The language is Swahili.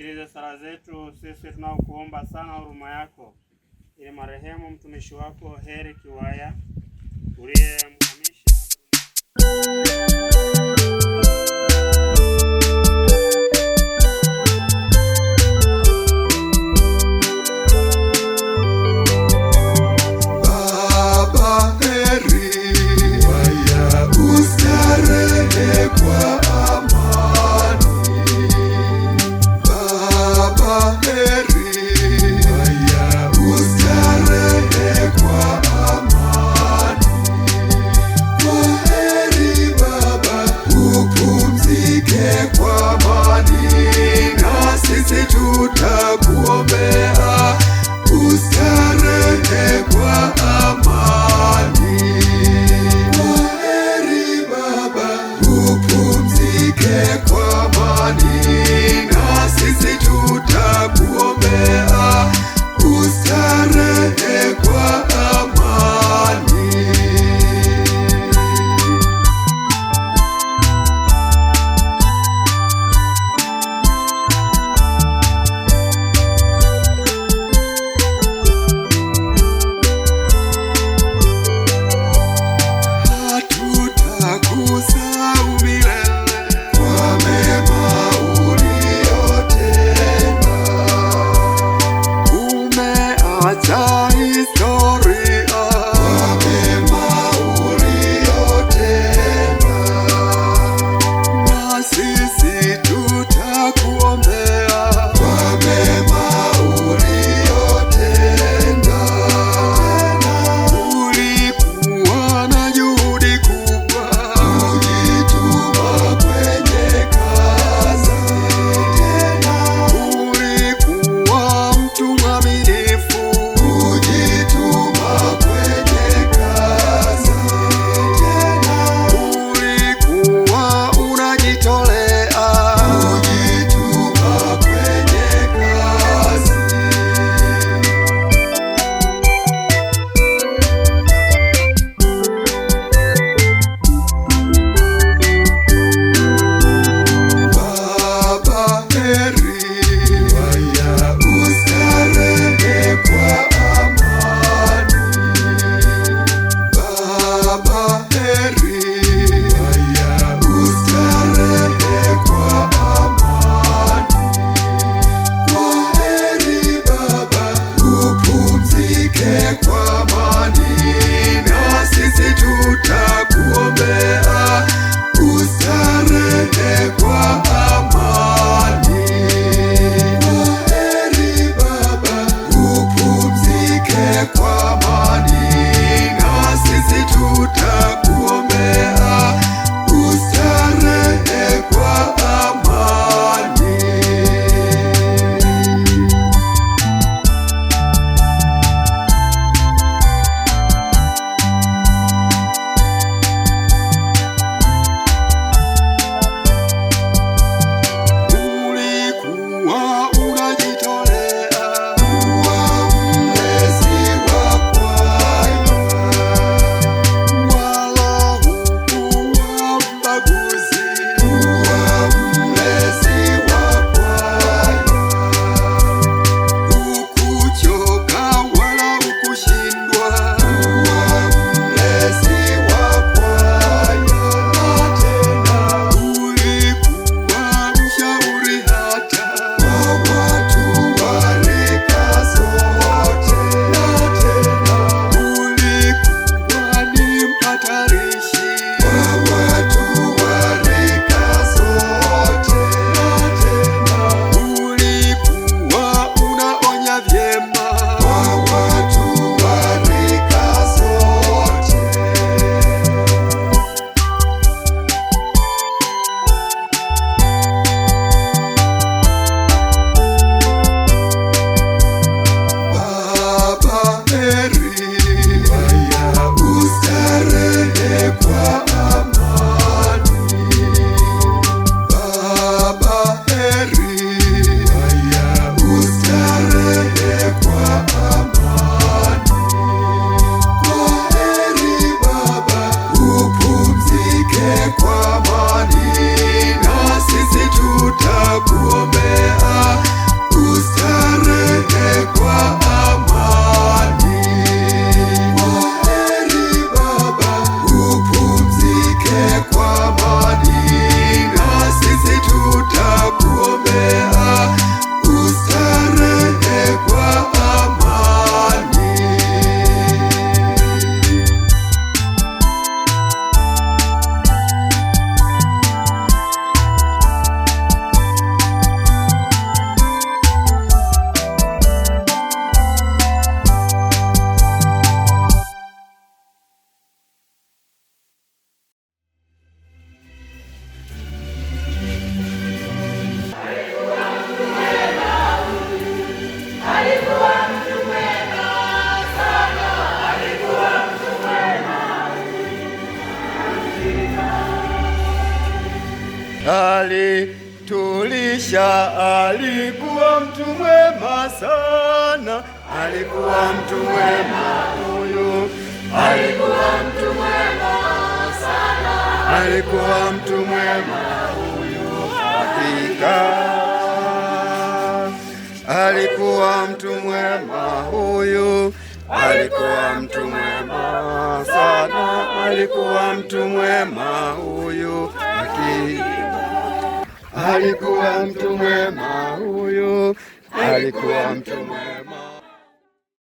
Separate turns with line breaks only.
Sikiliza sala zetu sisi tunaokuomba sana huruma yako, ili marehemu mtumishi wako Heri Kiwaya uliye quoi
alitulisha. Alikuwa mtu mwema sana, alikuwa mtu mwema huyu, alikuwa mtu mwema sana, alikuwa mtu mwema huyu, hakika alikuwa mtu mwema huyu alikuwa mtu mwema sana, alikuwa mtu mwema huyu alikuwa mtu mwema huyu, alikuwa mtu mwema.